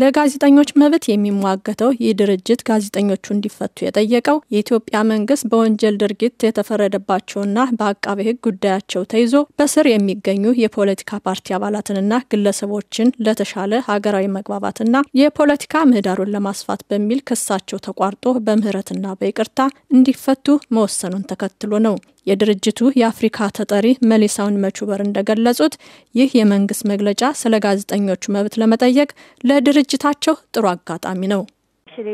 ለጋዜጠኞች መብት የሚሟገተው ይህ ድርጅት ጋዜጠኞቹ እንዲፈቱ የጠየቀው የኢትዮጵያ መንግስት በወንጀል ድርጊት የተፈረደባቸውና በአቃቤ ሕግ ጉዳያቸው ተይዞ በስር የሚገኙ የፖለቲካ ፓርቲ አባላትንና ግለሰቦችን ለተሻለ ሀገራዊ መግባባትና የፖለቲካ ምህዳሩን ለማስፋት በሚል ክሳቸው ተቋርጦ በምህረትና በይቅርታ እንዲፈቱ መወሰኑን ተከትሎ ነው። የድርጅቱ የአፍሪካ ተጠሪ መሊሳውን መቹበር እንደገለጹት ይህ የመንግስት መግለጫ ስለ ጋዜጠኞቹ መብት ለመጠየቅ ለድርጅታቸው ጥሩ አጋጣሚ ነው። uh,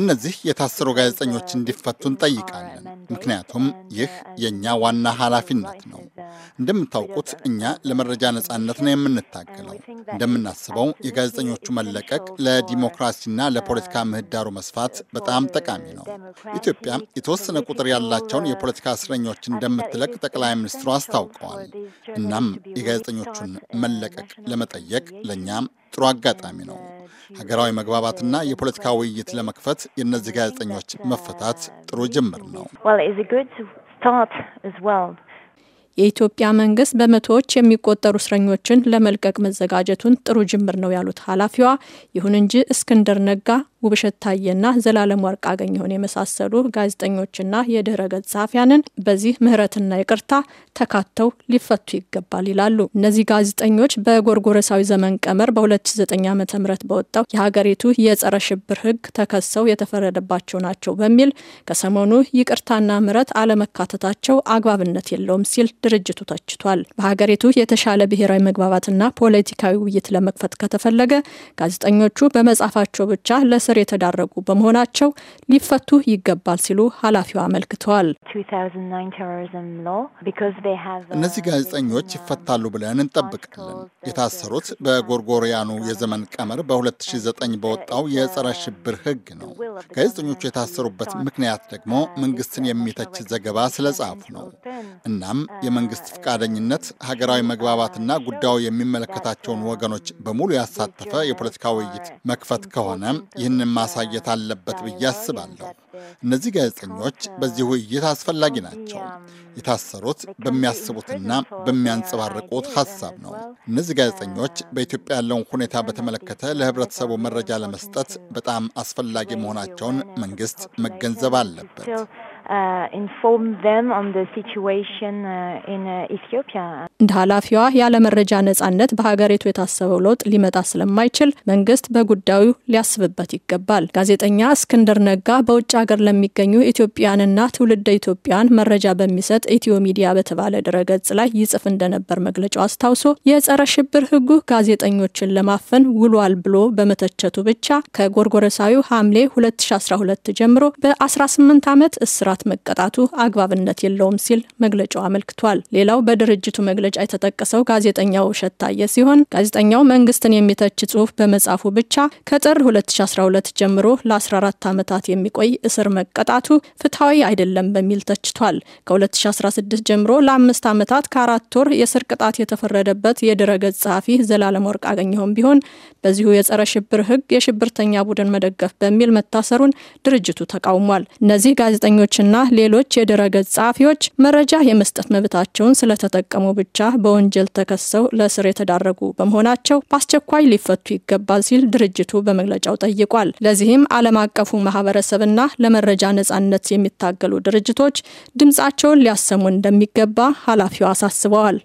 እነዚህ የታሰሩ ጋዜጠኞች እንዲፈቱ እንጠይቃለን። ምክንያቱም ይህ የእኛ ዋና ኃላፊነት ነው። እንደምታውቁት እኛ ለመረጃ ነጻነት ነው የምንታገለው። እንደምናስበው የጋዜጠኞቹ መለቀቅ ለዲሞክራሲና ለፖለቲካ uh, ምህዳሩ መስፋት በጣም ጠቃሚ ነው። ኢትዮጵያ የተወሰነ ቁጥር ያላቸውን የፖለቲካ እስረኞች እንደምትለቅ ጠቅላይ ሚኒስትሩ አስታውቀዋል። እናም የጋዜጠኞቹን መለቀቅ ለመጠየቅ ለእኛም ጥሩ አጋጣሚ ነው። uh, ሀገራዊ መግባባትና የፖለቲካ ውይይት ለመክፈት የእነዚህ ጋዜጠኞች መፈታት ጥሩ ጅምር ነው። የኢትዮጵያ መንግስት በመቶዎች የሚቆጠሩ እስረኞችን ለመልቀቅ መዘጋጀቱን ጥሩ ጅምር ነው ያሉት ኃላፊዋ፣ ይሁን እንጂ እስክንድር ነጋ፣ ውብሸት ታዬና ዘላለም ወርቅ አገኘሁን የመሳሰሉ ጋዜጠኞችና የድህረ ገጽ ጸሐፊያንን በዚህ ምህረትና ይቅርታ ተካተው ሊፈቱ ይገባል ይላሉ። እነዚህ ጋዜጠኞች በጎርጎረሳዊ ዘመን ቀመር በ2009 ዓ ም በወጣው የሀገሪቱ የጸረ ሽብር ህግ ተከሰው የተፈረደባቸው ናቸው በሚል ከሰሞኑ ይቅርታና ምህረት አለመካተታቸው አግባብነት የለውም ሲል ድርጅቱ ተችቷል። በሀገሪቱ የተሻለ ብሔራዊ መግባባትና ፖለቲካዊ ውይይት ለመክፈት ከተፈለገ ጋዜጠኞቹ በመጻፋቸው ብቻ ለስር የተዳረጉ በመሆናቸው ሊፈቱ ይገባል ሲሉ ኃላፊው አመልክተዋል። እነዚህ ጋዜጠኞች ይፈታሉ ብለን እንጠብቃለን። የታሰሩት በጎርጎሪያኑ የዘመን ቀመር በ2009 በወጣው የጸረ ሽብር ህግ ነው። ጋዜጠኞቹ የታሰሩበት ምክንያት ደግሞ መንግስትን የሚተች ዘገባ ስለጻፉ ነው። እናም የመንግስት ፈቃደኝነት ሀገራዊ መግባባትና ጉዳዩ የሚመለከታቸውን ወገኖች በሙሉ ያሳተፈ የፖለቲካ ውይይት መክፈት ከሆነ ይህንን ማሳየት አለበት ብዬ አስባለሁ። እነዚህ ጋዜጠኞች በዚህ ውይይት አስፈላጊ ናቸው። የታሰሩት በሚያስቡትና በሚያንጸባርቁት ሀሳብ ነው። እነዚህ ጋዜጠኞች በኢትዮጵያ ያለውን ሁኔታ በተመለከተ ለህብረተሰቡ መረጃ ለመስጠት በጣም አስፈላጊ መሆናቸውን መንግስት መገንዘብ አለበት። እንደ ኃላፊዋ መረጃ ነጻነት በሀገሪቱ የታሰበው ለውጥ ሊመጣ ስለማይችል መንግስት በጉዳዩ ሊያስብበት ይገባል። ጋዜጠኛ እስክንድር ነጋ በውጭ ሀገር ለሚገኙ ኢትዮጵያንና ትውልደ ኢትዮጵያን መረጃ በሚሰጥ ኢትዮ ሚዲያ በተባለ ድረገጽ ላይ ይጽፍ እንደነበር መግለጫው አስታውሶ የጸረ ሽብር ህጉ ጋዜጠኞችን ለማፈን ውሏል ብሎ በመተቸቱ ብቻ ከጎርጎረሳዊው ሐምሌ 2012 ጀምሮ በ18 ዓመት እስራት ቅጣት መቀጣቱ አግባብነት የለውም ሲል መግለጫው አመልክቷል። ሌላው በድርጅቱ መግለጫ የተጠቀሰው ጋዜጠኛው እሸት ታየ ሲሆን ጋዜጠኛው መንግስትን የሚተች ጽሁፍ በመጻፉ ብቻ ከጥር 2012 ጀምሮ ለ14 ዓመታት የሚቆይ እስር መቀጣቱ ፍትሐዊ አይደለም በሚል ተችቷል። ከ2016 ጀምሮ ለአምስት ዓመታት ከአራት ወር የእስር ቅጣት የተፈረደበት የድረገጽ ጸሐፊ ዘላለም ወርቅ አገኘሁም ቢሆን በዚሁ የጸረ ሽብር ህግ የሽብርተኛ ቡድን መደገፍ በሚል መታሰሩን ድርጅቱ ተቃውሟል። እነዚህ ጋዜጠኞች ጋዜጠኞችና ሌሎች የድረገጽ ጸሐፊዎች መረጃ የመስጠት መብታቸውን ስለተጠቀሙ ብቻ በወንጀል ተከሰው ለእስር የተዳረጉ በመሆናቸው በአስቸኳይ ሊፈቱ ይገባል ሲል ድርጅቱ በመግለጫው ጠይቋል። ለዚህም ዓለም አቀፉ ማህበረሰብና ለመረጃ ነጻነት የሚታገሉ ድርጅቶች ድምፃቸውን ሊያሰሙ እንደሚገባ ኃላፊው አሳስበዋል።